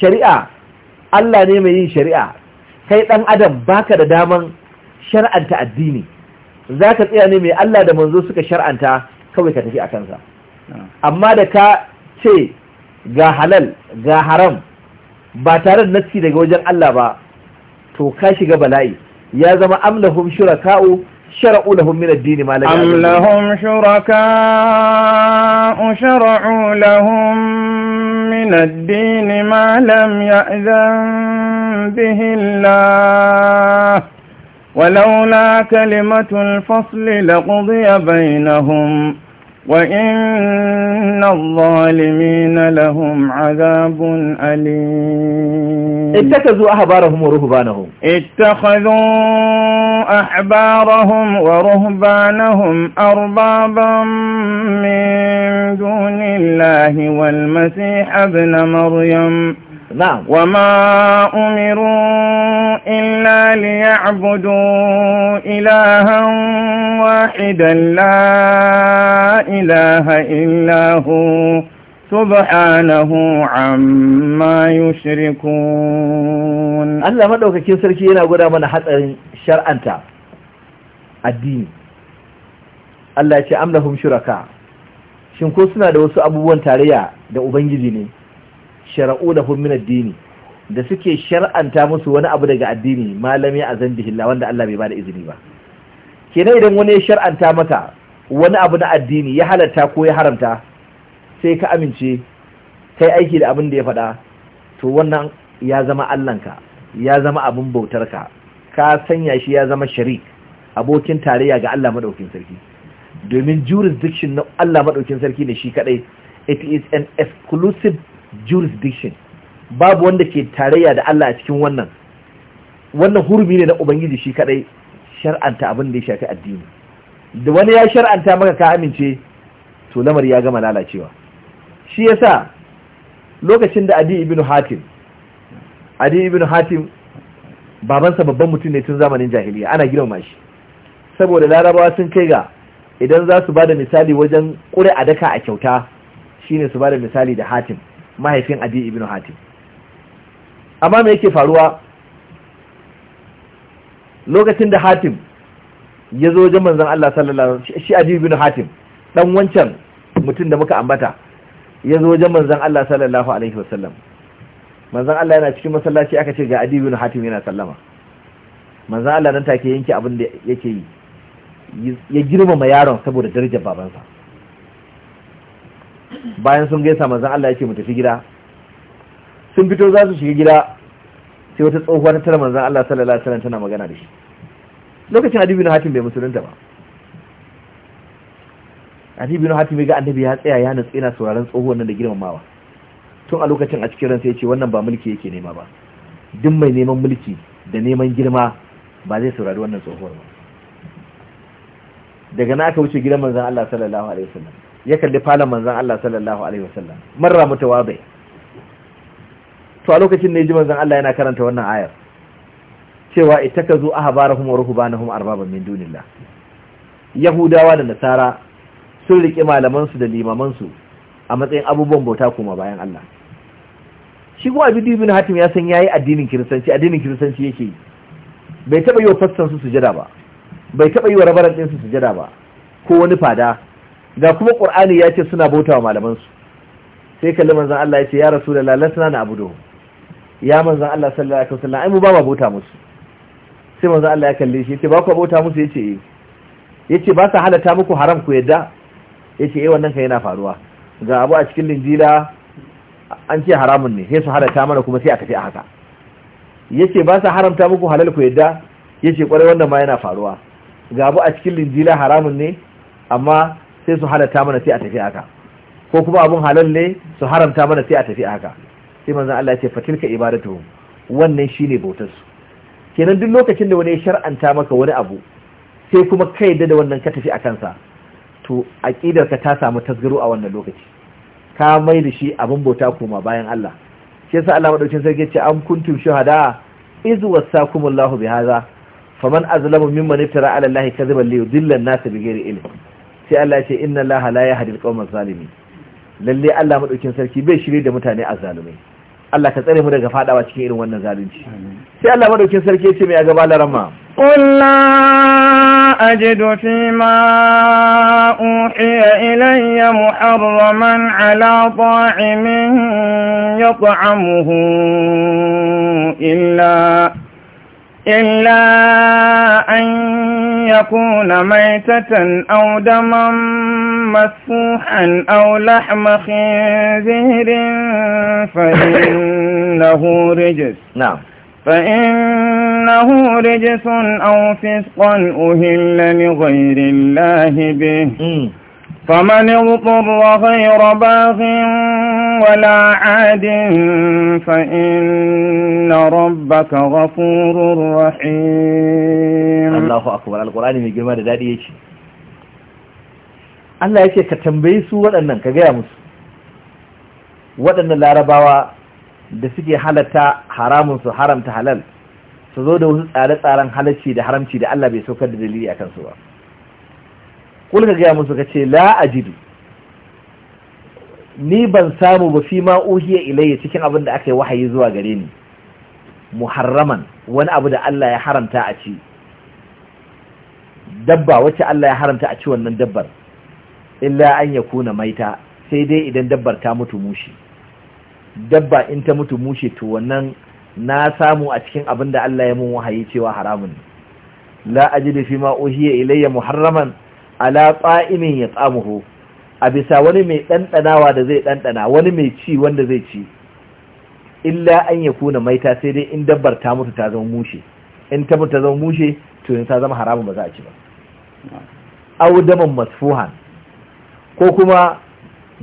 shari'a Allah ne mai yin shari'a kai dan adam baka da daman shar'anta addini zaka tsaya ne mai Allah da manzo suka shar'anta kawai ka tafi a kansa amma da ka ce ga halal ga haram ba tare da nassi daga wajen Allah ba to ka shiga bala'i ya zama amlahum shuraka'u shara'u lahum min addini din ma la Am lahum shuraka'u shara'u lahum min ad ma lam ya'zan bihi Allah ولولا كلمة الفصل لقضي بينهم وإن الظالمين لهم عذاب أليم اتخذوا أحبارهم ورهبانهم اتخذوا أحبارهم ورهبانهم أربابا من دون الله والمسيح ابن مريم Na’am. Wa ma’umiru illa liya abudu ilahan wa’idan la ilaha illahu subhanahu amma yushrikun. Allah maɗaukakin sarki yana guda mana hatsarin shar'anta addini. Allah ce amlahum shuraka, shinko suna da wasu abubuwan tarayya da Ubangiji ne. shara'u da min ad-dini da suke shar'anta musu wani abu daga addini malami azan bihillah wanda Allah bai bada izini ba kenan idan wani ya shar'anta maka wani abu na addini ya halatta ko ya haramta sai ka amince kai aiki da abin da ya faɗa to wannan ya zama ka ya zama abin bautarka ka sanya shi ya zama sharik abokin tarayya ga Allah madaukin sarki domin jurisdiction na Allah madaukin sarki ne shi kadai it is an exclusive jurisdiction babu wanda ke tarayya da Allah a cikin wannan wannan hurumi ne na ubangiji shi kadai shar'anta abin da ya shafi addini da wani ya shar'anta maka ka amince to lamar ya gama lalacewa shi yasa lokacin da adi ibn hatim adi ibn hatim babansa babban mutum ne tun zamanin jahiliya ana girmama shi saboda larabawa sun kai ga idan za su da misali wajen ƙure a daka a kyauta shine su bada misali da hatim mahaifin adi ibn hatim amma me yake faruwa lokacin da hatim ya zo wajen manzon Allah sallallahu alaihi wasallam shi adi ibn hatim dan wancan mutum da muka ambata ya zo wajen manzon Allah sallallahu alaihi wasallam manzon Allah yana cikin masallaci aka ce ga adi ibn hatim yana sallama manzon Allah nan take yanke abin da yake yi ya girmama yaron saboda darajar babansa bayan sun gaisa manzan Allah ya ce mu tafi gida sun fito za su shiga gida sai wata tsohuwa ta tara manzan Allah sallallahu alaihi wasallam tana magana da shi lokacin Adi bin Hatim bai musulunta ba Adi bin Hatim ga annabi ya tsaya ya natsi yana sauraron tsohuwar nan da girmamawa tun a lokacin a cikin ransa ya ce wannan ba mulki yake nema ba duk mai neman mulki da neman girma ba zai saurari wannan tsohuwar ba daga na aka wuce gidan manzan Allah sallallahu alaihi wasallam ya kalli falon manzan Allah sallallahu alaihi wasallam marra mutawabi to a lokacin ne ji manzan Allah yana karanta wannan ayar cewa itakazu ahbarahum wa ruhbanahum arbaban min dunillah yahudawa da nasara sun riƙe malaman su da limaman su a matsayin abubuwan bauta kuma bayan Allah shi kuma abu dubin hatim ya san yayi addinin kiristanci addinin kiristanci yake bai taba yi wa fassan su sujada ba bai taba yi wa rabaran din su sujada ba ko wani fada ga kuma qur'ani ya ce suna bautawa malaman su sai kalli manzon Allah ya ce ya rasulullahi lasna na abudu ya manzon Allah sallallahu alaihi wasallam ai mu ba ma bauta musu sai manzon Allah ya kalle shi yace ba ku bauta musu yace eh yace ba sa halata muku haram ku yadda yace eh wannan kai yana faruwa ga abu a cikin linjila an ce haramun ne sai su halata mana kuma sai aka ce a haka yace ba sa haramta muku halal ku yadda yace kwarai wannan ma yana faruwa ga abu a cikin linjila haramun ne amma sai su halatta mana sai a tafi haka ko kuma abun halal ne su haramta mana sai a tafi haka sai manzon Allah ya ce fatilka ibadatu wannan shine bautar su kenan duk lokacin da wani ya shar'anta maka wani abu sai kuma kai da da wannan ka tafi a kansa to aqidar ka ta samu tasgaro a wannan lokaci ka mai da shi abin bauta koma bayan Allah shi yasa Allah madaukin sarki ya ce an kuntum shuhada iz wasakumullahu bihaza faman azlamu mimman iftara ala allahi kadhiban li yudilla an-nasa bighairi ilm sai Allah ya ce inna Allah la yahdi al-qawma zalimin lalle Allah madaukin sarki bai shirye da mutane azzalumai Allah ka tsare mu daga fadawa cikin irin wannan zalunci sai Allah madaukin sarki ya ce mai a gaba larama qul أجد فيما أوحي إلي محرما على طاعم يطعمه إلا إلا أن يكون ميتة أو دما مسفوحا أو لحم خنزير فإنه رجس نعم فإنه رجس أو فسقا أهل لغير الله به فمن اضطر غير باغ ولا عاد فإن ربك غفور رحيم الله أكبر القرآن من Allah ya ce ka tambayi su waɗannan ka gaya musu waɗannan larabawa da suke halatta haramun su haramta halal su zo da wasu tsare-tsaren halacci da haramci da Allah bai saukar da dalili a kansu ba kul ka gaya musu ka ce la ajidu ni ban samu ba fi ma uhiya ilayya cikin abin da aka yi wahayi zuwa gare ni muharraman wani abu da Allah ya haramta a ci dabba wacce Allah ya haramta a ci wannan dabbar illa an ya kuna maita sai dai idan dabbar ta mutu mushi dabba in ta mutu mushi to wannan na samu a cikin abin da Allah ya mun wahayi cewa haramun la ajidu fi ma uhiya ilayya muharraman ala tsa'imin ya tsamuhu a bisa wani mai ɗanɗanawa da zai ɗanɗana wani mai ci wanda zai ci illa an ya kuna maita sai dai in dabbar ta mutu ta zama mushe in ta mutu ta zama mushe to yanzu ta zama haramun ba za a ci ba au daman masfuhan ko kuma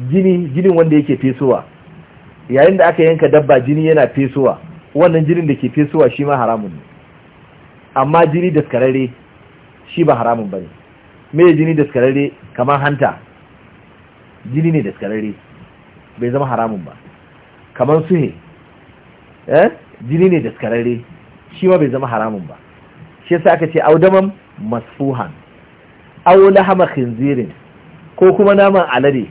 jini jinin wanda yake fesowa yayin da aka yanka dabba jini yana fesowa wannan jinin da ke fesowa shi ma haramun ne amma jini daskararre shi ba haramun ba ne me jini daskararre kamar hanta jini ne daskararre bai zama haramun ba kamar suhe eh jini ne daskararre shi ma bai zama haramun ba shi yasa aka ce audaman masfuhan aw lahama khinzirin ko kuma naman alade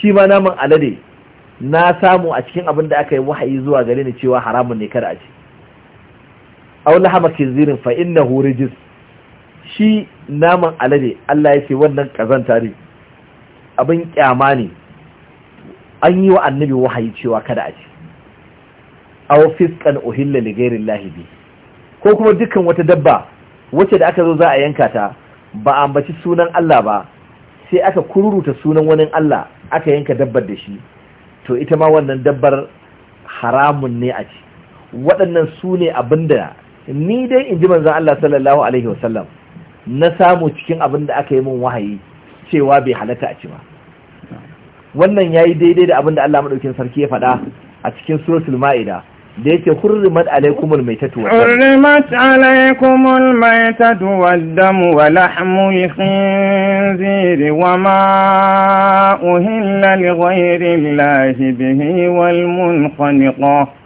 shi ma naman alade na samu a cikin abin da aka yi wahayi zuwa gare ni cewa haramun ne kada a ci aw lahama khinzirin fa innahu rijis shi naman alade Allah ya ce wannan kazanta ne abin kyama ne an yi wa annabi wahayi cewa kada a ci aw fiskan uhilla li ghairi llahi bi ko kuma dukkan wata dabba wacce da aka zo za a yanka ta ba a ambaci sunan Allah ba sai aka kururuta sunan wani Allah aka yanka dabbar da shi to ita ma wannan dabbar haramun ne a ci waɗannan su ne abinda ni dai in ji manzon Allah sallallahu alaihi wasallam na samu cikin abin da aka yi min wahayi cewa bai halatta a ci ba wannan yayi daidai da abin da Allah madaukin sarki ya faɗa a cikin suratul ma'ida da yake hurrimat alaikumul maitatu wa hurrimat alaikumul maitatu wad-damu wa lahmu khinziri wa ma uhilla li ghayri bihi wal munqaniqah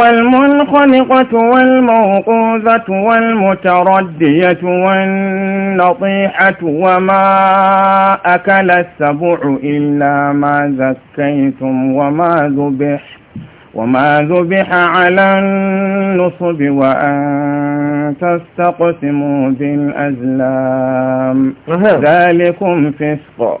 والمنخنقة والموقوذة والمتردية والنطيحة وما أكل السبع إلا ما زكيتم وما ذبح وما ذبح على النصب وأن تستقسموا بالأزلام ذلكم فسق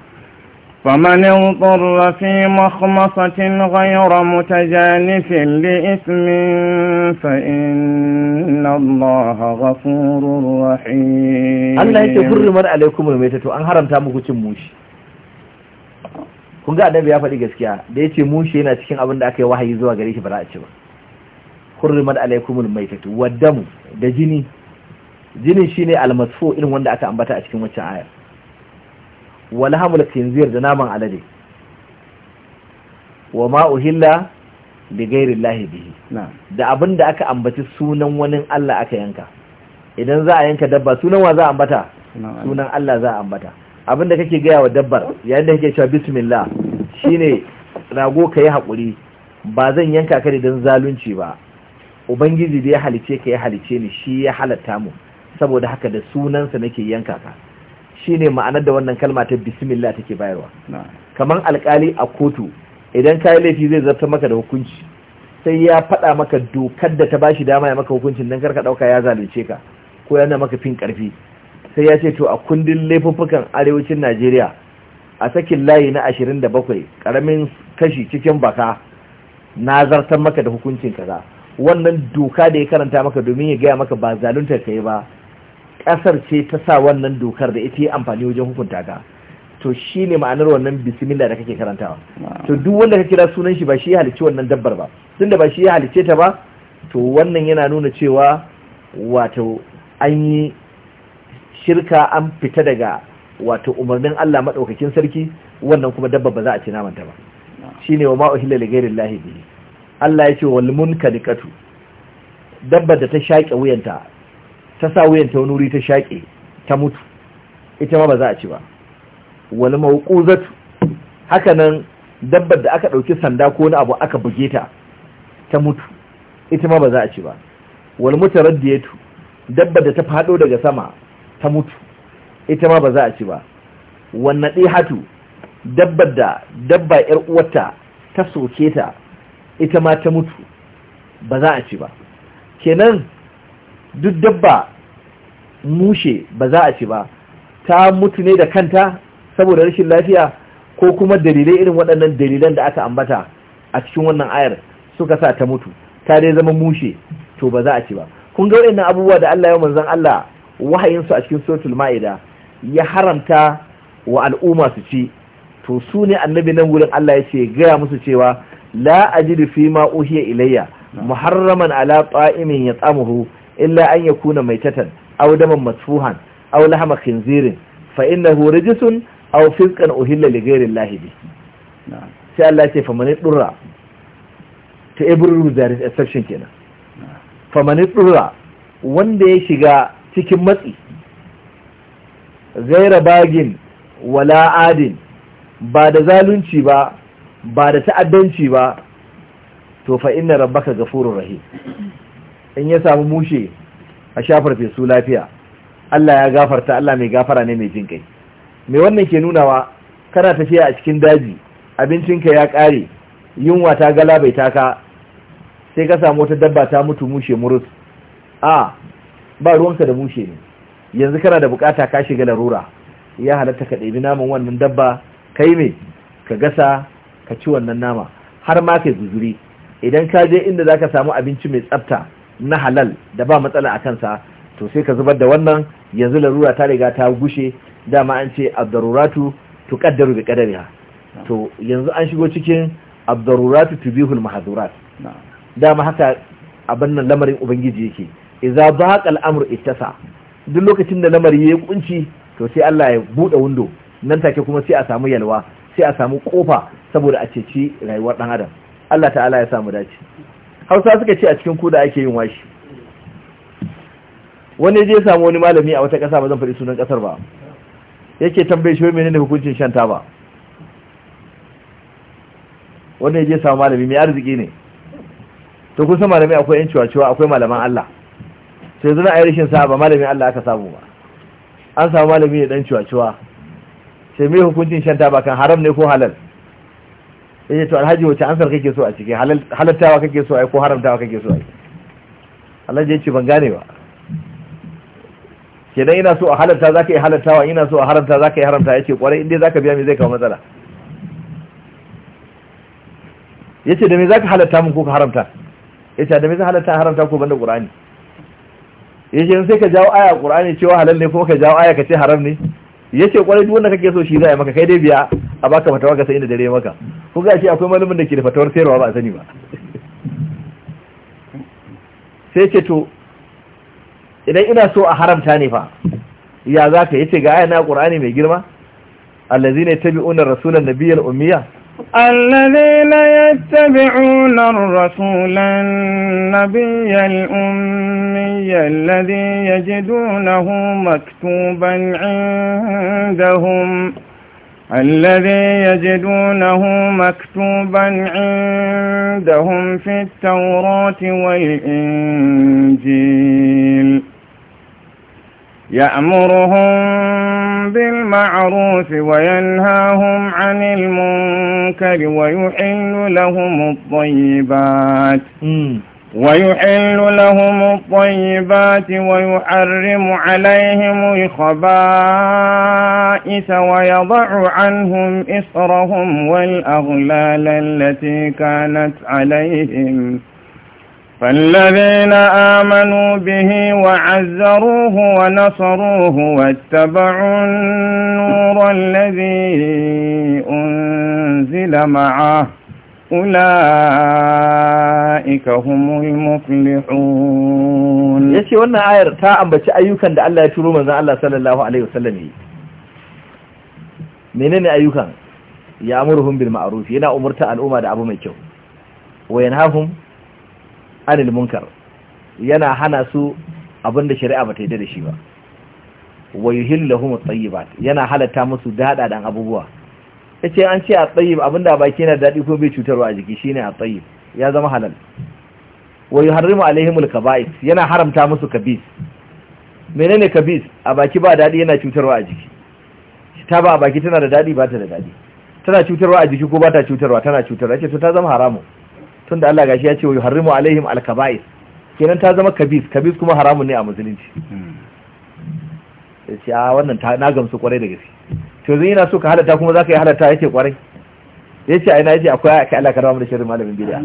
فمن اضطر في مخمصة غير متجانف لإثم فإن الله غفور رحيم الله يتفر مر عليكم الميتة أن هرم تامو كتن kun ga annabi ya faɗi gaskiya da yace mushi yana cikin abin da aka yi wahayi zuwa gare shi ba za a ci ba hurrimat alaikumul maitatu waddamu da jini jinin shine almasfu irin wanda aka ambata a cikin waccan ayar wala hamul da naman alade wa ma uhilla bi ghairi llahi da abin da aka ambaci sunan wani Allah aka yanka idan za a yanka dabba sunan wa za a ambata sunan Allah za a ambata abin kake gaya wa dabbar yayin da kake cewa bismillah shine rago kai hakuri ba zan yanka ka don zalunci ba ubangiji da ya halice ka ya halice ni shi ya halatta mu saboda haka da sunansa nake yanka ka shi ne ma'anar da wannan kalma ta bismillah take bayarwa kamar alkali a kotu idan kayi laifi zai zartar maka da hukunci sai ya faɗa maka dokar da ta bashi dama ya maka hukuncin dan karka ɗauka ya zalunce ka ko yana maka fin ƙarfi sai ya ce to a kundin laifuffukan arewacin Najeriya a sakin layi na 27 karamin kashi cikin baka na zartar maka da hukuncin kaza wannan doka da ya karanta maka domin ya gaya maka ba zalunta kai ba ƙasar ce ta sa wannan dokar da ita yi amfani wajen hukunta ka to shi ne ma'anar wannan bismillah da kake karantawa to duk wanda ka kira sunan shi ba shi ya halicci wannan dabbar ba da ba shi ya halicce ta ba to wannan yana nuna cewa wato an yi shirka an fita daga wato umarnin Allah maɗaukakin sarki wannan kuma dabba ba za a ci namanta ba Shi ne wa ma'a li ghairi Allah bihi Allah ya ce wa wal kanikatu dabba da ta shaƙe wuyanta ta sa wuyan ta wani wuri ta shaƙe ta mutu ita ma ba za a ci ba mawuƙu zatu haka nan dabbar da aka ɗauki sanda ko wani abu aka buge ta ta mutu ita ma ba za a ci ba wal radiyatu, dabba da ta faɗo daga sama ta mutu ita ma ba za a ci ba wan ɗihatu dabbar da dabba yar uwarta ta soke ta ita ma ta mutu ba za a ci ba kenan duk dabba mushe ba za a ci ba ta mutu ne da kanta saboda rashin lafiya ko kuma dalilai irin waɗannan dalilan da aka ambata a cikin wannan ayar suka sa ta mutu ta dai zama mushe to ba za a ci ba kun ga waɗannan abubuwa da Allah ya manzan Allah wahayin su a cikin suratul maida ya haramta wa al'umma su ci to su ne annabi nan wurin Allah ya ce gaya musu cewa la ajidu fi ma uhiya ilayya muharraman ala ta'imin yat'amuhu illa an yakuna maitatan aw daman masfuhan aw lahma khinzirin fa innahu rijsun aw fisqan uhilla li ghayri Allah bi sai Allah ce fa mani durra to every rule there exception kenan fa mani durra wanda ya shiga cikin matsi ghayra bagin wala adin ba da zalunci ba ba da ta'addanci ba to fa inna rabbaka ghafurur rahim in ya samu mushe a shafar fesu lafiya Allah ya gafarta Allah mai gafara ne mai jin kai me wannan ke nunawa kana tafiya a cikin daji abincinka ya ƙare yunwa ta gala ta ka sai ka samu wata dabba ta mutu mushe murus a ba ruwanka da mushe ne yanzu kana da bukata ka shiga larura ya halatta ka ɗebi naman wannan dabba kai mai, ka gasa ka ci wannan nama har ma kai zuzuri idan ka je inda zaka samu abinci mai tsafta na halal da ba matsala a kansa to sai ka zubar da wannan yanzu larura ta riga ta gushe dama an ce abdaruratu kaddaru bi kadariha to yanzu an shigo cikin abdaruratu tubihul mahdurat dama haka abin nan lamarin ubangiji yake idza baqa al-amru ittasa duk lokacin da lamari ya kunci to sai Allah ya bude window nan take kuma sai a samu yalwa sai a samu kofa saboda a ceci rayuwar dan adam Allah ta'ala ya samu dace hausa suka ce a cikin kuda ake yin washi wani je samu wani malami a wata ƙasa ba zan faɗi sunan ƙasar ba yake tambaye shi menene hukuncin shan taba Wani ya je samu malami mai arziki ne to kun san malami akwai yan cewa akwai malaman Allah to yanzu na rashin sa ba malamin Allah aka samu ba an samu malami ne dan cewa sai me hukuncin shan taba kan haram ne ko halal ce to alhaji wace ansar kake so a ciki halattawa kake so ai ko haramtawa kake so ai alhaji yace ban gane ba kenan ina so a halatta zaka yi halattawa ina so a haramta zaka yi haramta yace kwarai inda zaka biya me zai kawo matsala yace da me zaka halatta mun ko ka haramta yace da me zaka halatta haramta ko banda qur'ani yace sai ka jawo aya qur'ani cewa halal ne kuma ka jawo aya ka ce haram ne yace kwarai duk wanda kake so shi zai maka kai dai biya a baka fatawa ka sai inda dare maka ko ga shi akwai malamin da ke da fatawar sayarwa ba a sani ba sai ce to idan ina so a haramta ne fa ya za ka yace ga ayana qur'ani mai girma allazina ya rasulan rasulun ummiya الذين يتبعون الرسول النبي الأمي الذي يجدونه مكتوبا عندهم الذي يجدونه مكتوبا عندهم في التوراة والإنجيل يأمرهم بالمعروف وينهاهم عن المنكر ويحل لهم الطيبات ويحل لهم الطيبات ويحرم عليهم الخبائث ويضع عنهم إصرهم والأغلال التي كانت عليهم فالذين آمنوا به وعزروه ونصروه واتبعوا النور الذي أنزل معه أولئك هم Ya yace wannan ayar ta ambaci ayyukan da Allah ya turo manzon Allah sallallahu alaihi wasallam yi menene ayyukan ya amurhum bil ma'ruf yana umurta al'umma da abu mai kyau Wayan yanhahum anil munkar yana hana su abinda shari'a ba ta yarda da shi ba wa yuhillahum at-tayyibat yana halatta musu dada dan abubuwa ya ce an ce a tsayi abin da baki yana daɗi ko bai cutarwa a jiki shine a tsayi ya zama halal wa yuharrimu alaihimul kaba'is yana haramta musu kabis menene kabis a baki ba daɗi yana cutarwa a jiki ta ba a baki tana da daɗi ba ta da daɗi tana cutarwa a jiki ko ba ta cutarwa tana cutarwa ce to ta zama haramu tun da Allah gashi ya ce wa yuharrimu alaihim alkaba'is kenan ta zama kabis kabis kuma haramun ne a musulunci hmm. ya ce a ah, wannan na gamsu kwarai da gaske to zai yana so ka halatta kuma za ka yi halatta yake kwarai ya ce aina yake akwai aka Allah ka rawa da shirin malamin bid'a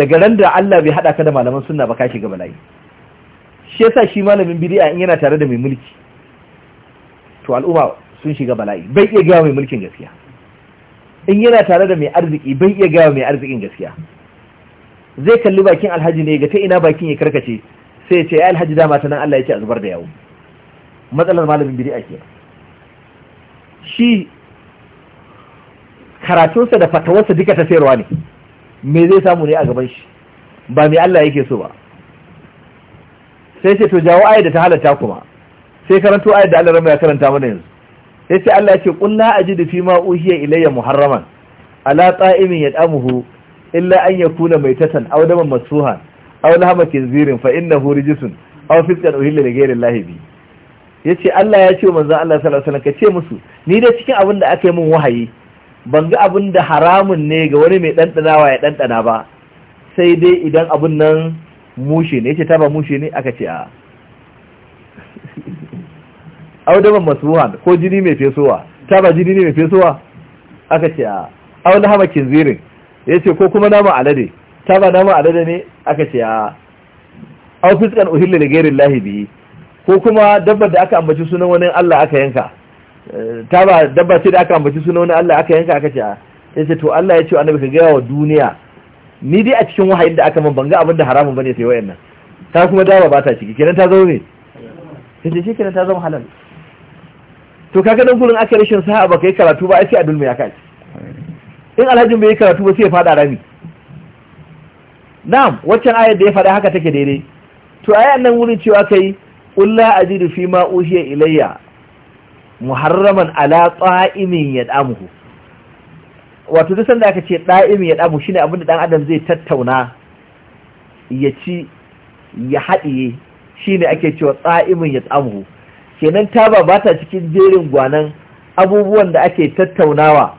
daga ran da Allah bai hada ka da malaman sunna ba ka shiga bala'i shi yasa shi malamin bid'a in yana tare da mai mulki to al'umma sun shiga bala'i bai iya gawa mai mulkin gaskiya in yana tare da mai arziki bai iya gawa mai arzikin gaskiya zai kalli bakin alhaji ne ga ta ina bakin ya karkace sai ya ce ya alhaji dama ta nan Allah ya ce a zubar da yawo matsalar malamin bid'a kenan shi karatunsa da fatawarsa duka ta sayarwa ne me zai samu ne a gaban shi ba mai Allah yake so ba sai ce to jawo ayi da ta halatta kuma sai karanto ayi da Allah rama ya karanta mana yanzu sai ce Allah ya ce qul la ajidu fi ma uhiya ilayya muharraman ala ta'imin yad'amuhu illa an yakuna maitatan aw daman masuhan aw lahama Kinzirin, fa innahu rijsun aw fitan uhilla li ghayri Allah bihi ya ce Allah ya ce manzan Allah sallallahu alaihi ka ce musu ni dai cikin abin da aka yi min wahayi ban ga abin da haramun ne ga wani mai ɗanɗanawa ya ɗanɗana ba sai dai idan abin nan mushe ne ya ta taba mushe ne aka ce a audaban wuhan ko jini mai fesowa taba jini ne mai fesowa aka ce a auna hama ya ce ko kuma nama alade taba nama alade ne aka ce a au fiskan uhilla da gairin lahibi. ko kuma dabbar da aka ambaci sunan wani Allah aka yanka eh, ta ba dabba ce da aka ambaci sunan wani Allah aka yanka aka ce ah. a sai to Allah ya ce annabi ka gaya wa duniya ni dai a cikin wahayin da aka man banga abin da haramun bane sai wayannan ta kuma dawa ba ta ciki kenan ta zama ne sai shi kenan ta zama halal to kaga dan gurin aka rashin sa'a ba kai karatu ba ai sai adul mai aka in Alhaji bai karatu ba sai ya fada rami na'am waccan ayar da ya faɗa haka take daidai to ayan nan wurin cewa kai قل لا أجد فيما ilayya muharraman محرما imin ya damu. wato duk sanda aka ce da'imi ya damu shine abinda dan adam zai tattauna ya ci ya haɗiye shine ake cewa tsa'imin ya damu. kenan ta ba ba ta cikin jerin gwanan abubuwan da ake tattaunawa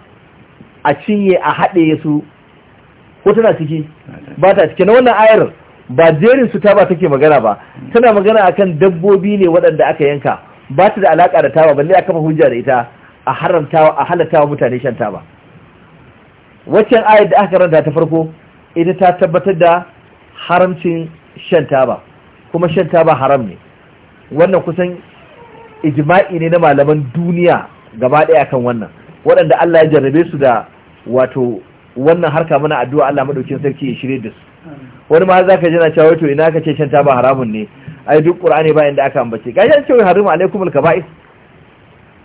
a cinye a haɗe su ko tana ciki ba ta cikin wannan ayar ba jerin su taba take magana ba tana magana akan dabbobi ne waɗanda aka yanka ba ta da alaka da taba balle aka hujja da ita a haramtawa a mutane shan taba waccan ayar da aka karanta ta farko ita ta tabbatar da haramcin shan taba kuma shan taba haram ne wannan kusan ijma'i ne na malaman duniya gaba ɗaya kan wannan waɗanda Allah ya jarrabe su da wato wannan harka mana addu'a Allah madaukin sarki ya shirye da su wani ma zaka ji na cewa to ina kace shan taba haramun ne ai duk qur'ani ba inda aka ambace ga ya cewa harimu alaikum alkaba'is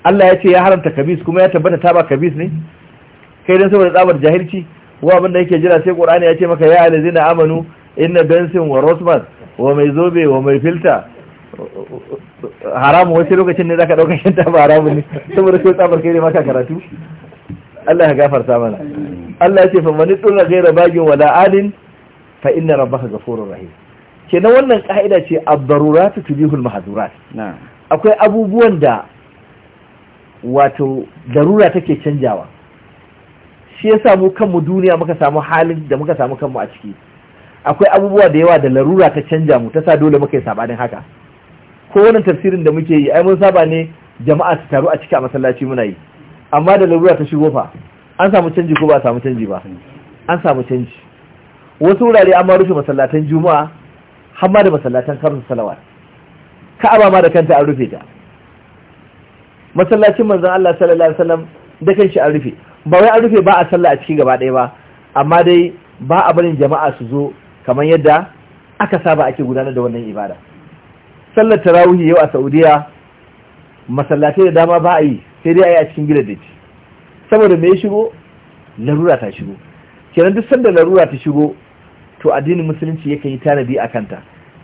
Allah ya ce ya haramta kabis kuma ya tabbata taba kabis ne kai dan saboda tsabar jahilci wa abin da yake jira sai qur'ani ya ce maka ya alazina amanu inna bensin wa rosmas wa mai zobe wa mai filta haramun wasu lokacin ne zaka dauka shan taba haramun ne saboda kai tsabar kai ne maka karatu Allah ya gafarta mana Allah ya ce fa man tsura ghaira bagin wala alin fa inna rabbaka ghafurur rahim kenan wannan ka'ida ce ad-daruratu tubihul mahdurat akwai abubuwan da wato darura take canjawa shi ya mu kanmu duniya muka samu halin da muka samu kanmu a ciki akwai abubuwa da yawa da larura ta canja mu ta sa dole muka yi sabanin haka ko wannan tafsirin da muke yi ai mun saba ne jama'a su taru a ciki a masallaci muna yi amma da larura ta shigo fa an samu canji ko ba a samu canji ba an samu canji wasu wurare an ma rufe masallatan juma'a har ma da masallatan kamsu Salawar. ka'aba ma da kanta an rufe ta masallacin manzon Allah sallallahu alaihi wasallam da kanshi an rufe ba wai an rufe ba a sallah a ciki gaba ɗaya ba amma dai ba a barin jama'a su zo kamar yadda aka saba ake gudanar da wannan ibada sallar tarawih yau a Saudiya masallatai da dama ba a yi sai dai a yi a cikin gidan dace saboda me ya shigo larura ta shigo kenan duk sanda larura ta shigo to addinin musulunci yake yi tanadi a kanta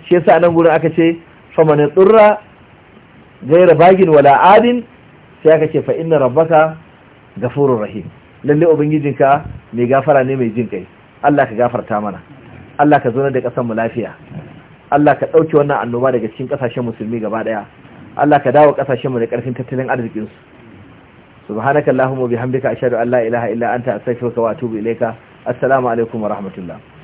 shi yasa nan gurin aka ce faman tsurra gaira bagin wala adin sai aka ce fa inna rabbaka gafurur rahim lalle ubangijinka mai gafara ne mai jin kai Allah ka gafarta mana Allah ka zauna da kasan mu lafiya Allah ka ɗauke wannan annoba daga cikin ƙasashen musulmi gaba ɗaya Allah ka dawo kasashen mu da karfin tattalin arzikin su subhanakallahumma bihamdika ashhadu an la ilaha illa anta astaghfiruka wa atubu ilaika assalamu alaikum wa rahmatullah